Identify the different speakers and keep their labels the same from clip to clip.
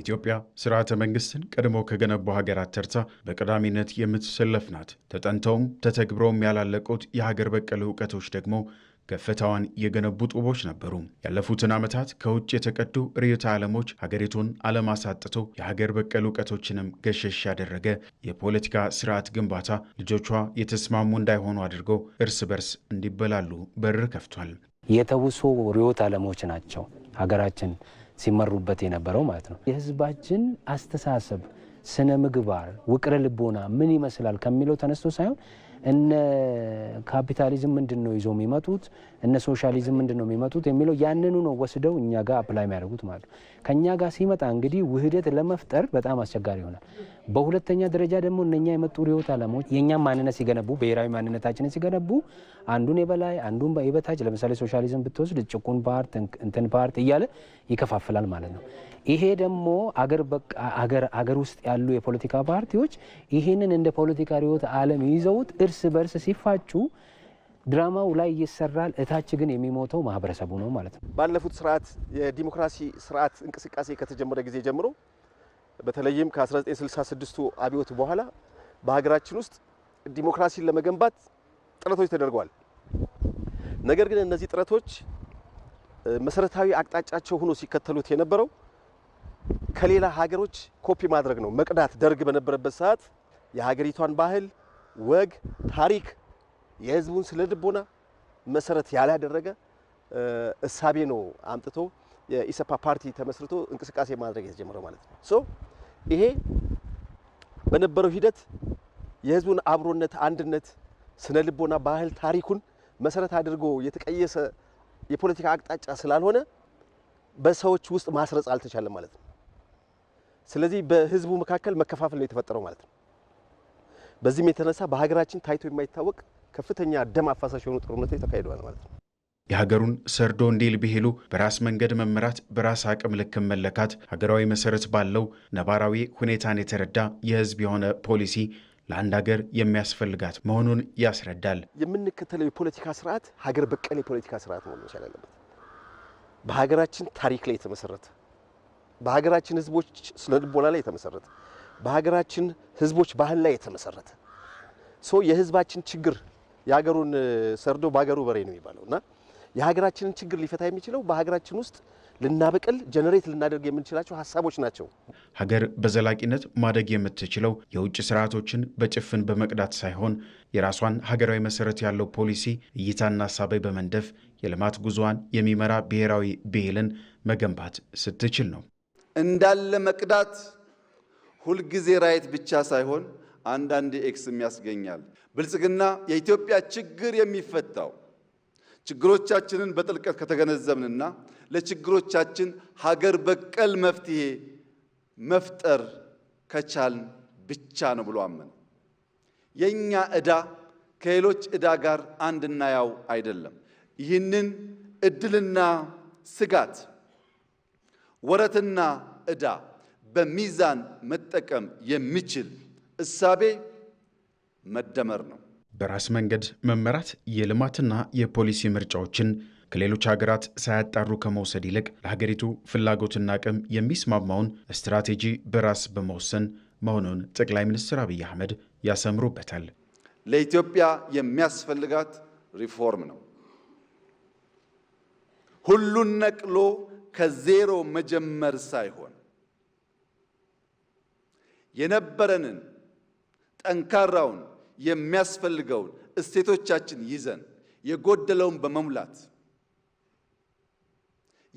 Speaker 1: ኢትዮጵያ ስርዓተ መንግስትን ቀድሞ ከገነቡ ሀገራት ተርታ በቀዳሚነት የምትሰለፍ ናት። ተጠንተውም ተተግብረውም ያላለቁት የሀገር በቀል እውቀቶች ደግሞ ከፍታዋን የገነቡ ጡቦች ነበሩ። ያለፉትን ዓመታት ከውጭ የተቀዱ ርዕዮተ ዓለሞች ሀገሪቱን አለማሳጥቶ የሀገር በቀል እውቀቶችንም ገሸሽ ያደረገ የፖለቲካ ስርዓት ግንባታ ልጆቿ የተስማሙ እንዳይሆኑ አድርጎ እርስ በርስ እንዲበላሉ በር ከፍቷል።
Speaker 2: የተውሶ ርዕዮተ ዓለሞች ናቸው ሀገራችን ሲመሩበት የነበረው ማለት ነው። የህዝባችን አስተሳሰብ፣ ስነ ምግባር፣ ውቅረ ልቦና ምን ይመስላል ከሚለው ተነስቶ ሳይሆን እነ ካፒታሊዝም ምንድን ነው ይዘው የሚመጡት እነ ሶሻሊዝም ምንድን ነው የሚመጡት የሚለው ያንኑ ነው ወስደው እኛ ጋር አፕላይ የሚያደርጉት ማለት ነው። ከእኛ ጋር ሲመጣ እንግዲህ ውህደት ለመፍጠር በጣም አስቸጋሪ ይሆናል። በሁለተኛ ደረጃ ደግሞ እነኛ የመጡ ርዕዮተ ዓለሞች የእኛም ማንነት ሲገነቡ ብሔራዊ ማንነታችንን ሲገነቡ አንዱን የበላይ አንዱን የበታች ለምሳሌ ሶሻሊዝም ብትወስድ ጭቁን ፓርት እንትን ፓርት እያለ ይከፋፍላል ማለት ነው። ይሄ ደግሞ አገር ውስጥ ያሉ የፖለቲካ ፓርቲዎች ይህንን እንደ ፖለቲካ ርዕዮተ ዓለም ይዘውት እርስ በርስ ሲፋጩ ድራማው ላይ ይሰራል። እታች ግን የሚሞተው ማህበረሰቡ ነው ማለት ነው።
Speaker 3: ባለፉት ስርዓት የዲሞክራሲ ስርዓት እንቅስቃሴ ከተጀመረ ጊዜ ጀምሮ በተለይም ከ1966ቱ አብዮት በኋላ በሀገራችን ውስጥ ዲሞክራሲን ለመገንባት ጥረቶች ተደርጓል። ነገር ግን እነዚህ ጥረቶች መሰረታዊ አቅጣጫቸው ሆኖ ሲከተሉት የነበረው ከሌላ ሀገሮች ኮፒ ማድረግ ነው፣ መቅዳት። ደርግ በነበረበት ሰዓት የሀገሪቷን ባህል፣ ወግ፣ ታሪክ፣ የህዝቡን ስነ ልቦና መሰረት ያላደረገ እሳቤ ነው አምጥቶ የኢሰፓ ፓርቲ ተመስርቶ እንቅስቃሴ ማድረግ የተጀመረው ማለት ነው። ይሄ በነበረው ሂደት የህዝቡን አብሮነት፣ አንድነት፣ ስነ ልቦና፣ ባህል፣ ታሪኩን መሰረት አድርጎ የተቀየሰ የፖለቲካ አቅጣጫ ስላልሆነ በሰዎች ውስጥ ማስረጽ አልተቻለም ማለት ነው። ስለዚህ በህዝቡ መካከል መከፋፈል ነው የተፈጠረው ማለት ነው። በዚህም የተነሳ በሀገራችን ታይቶ የማይታወቅ ከፍተኛ ደም አፋሳሽ የሆኑ ጦርነቶች ተካሂደዋል ማለት ነው።
Speaker 1: የሀገሩን ሰርዶ እንዲል ብሄሉ በራስ መንገድ መምራት በራስ አቅም ልክም መለካት ሀገራዊ መሰረት ባለው ነባራዊ ሁኔታን የተረዳ የህዝብ የሆነ ፖሊሲ ለአንድ ሀገር የሚያስፈልጋት መሆኑን ያስረዳል።
Speaker 3: የምንከተለው የፖለቲካ ስርዓት ሀገር በቀል የፖለቲካ ስርዓት መሆኑ መቻል አለበት። በሀገራችን ታሪክ ላይ የተመሰረተ በሀገራችን ህዝቦች ስነ ልቦና ላይ የተመሰረተ በሀገራችን ህዝቦች ባህል ላይ የተመሰረተ ሰው የህዝባችን ችግር የሀገሩን ሰርዶ በሀገሩ በሬ ነው የሚባለው እና የሀገራችንን ችግር ሊፈታ የሚችለው በሀገራችን ውስጥ ልናበቅል ጀነሬት ልናደርግ የምንችላቸው ሀሳቦች ናቸው።
Speaker 1: ሀገር በዘላቂነት ማደግ የምትችለው የውጭ ስርዓቶችን በጭፍን በመቅዳት ሳይሆን የራሷን ሀገራዊ መሰረት ያለው ፖሊሲ እይታና ሀሳባዊ በመንደፍ የልማት ጉዞዋን የሚመራ ብሔራዊ ብሂልን መገንባት ስትችል ነው።
Speaker 4: እንዳለ መቅዳት ሁልጊዜ ራይት ብቻ ሳይሆን አንዳንድ ኤክስም ያስገኛል። ብልጽግና የኢትዮጵያ ችግር የሚፈታው ችግሮቻችንን በጥልቀት ከተገነዘብንና ለችግሮቻችን ሀገር በቀል መፍትሄ መፍጠር ከቻልን ብቻ ነው ብሎ አመን። የኛ ዕዳ ከሌሎች ዕዳ ጋር አንድና ያው አይደለም። ይህንን እድልና ስጋት፣ ወረትና ዕዳ በሚዛን መጠቀም የሚችል እሳቤ መደመር ነው።
Speaker 1: በራስ መንገድ መመራት የልማትና የፖሊሲ ምርጫዎችን ከሌሎች ሀገራት ሳያጣሩ ከመውሰድ ይልቅ ለሀገሪቱ ፍላጎትና አቅም የሚስማማውን ስትራቴጂ በራስ በመወሰን መሆኑን ጠቅላይ ሚኒስትር አብይ አህመድ ያሰምሩበታል።
Speaker 4: ለኢትዮጵያ የሚያስፈልጋት ሪፎርም ነው። ሁሉን ነቅሎ ከዜሮ መጀመር ሳይሆን የነበረንን ጠንካራውን የሚያስፈልገውን እሴቶቻችን ይዘን የጎደለውን በመሙላት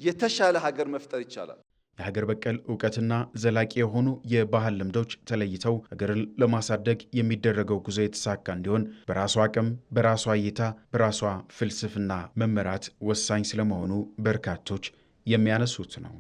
Speaker 4: የተሻለ ሀገር መፍጠር ይቻላል።
Speaker 1: የሀገር በቀል እውቀትና ዘላቂ የሆኑ የባህል ልምዶች ተለይተው ሀገርን ለማሳደግ የሚደረገው ጉዞ የተሳካ እንዲሆን በራሷ አቅም፣ በራሷ እይታ፣ በራሷ ፍልስፍና መመራት ወሳኝ ስለመሆኑ በርካቶች የሚያነሱት ነው።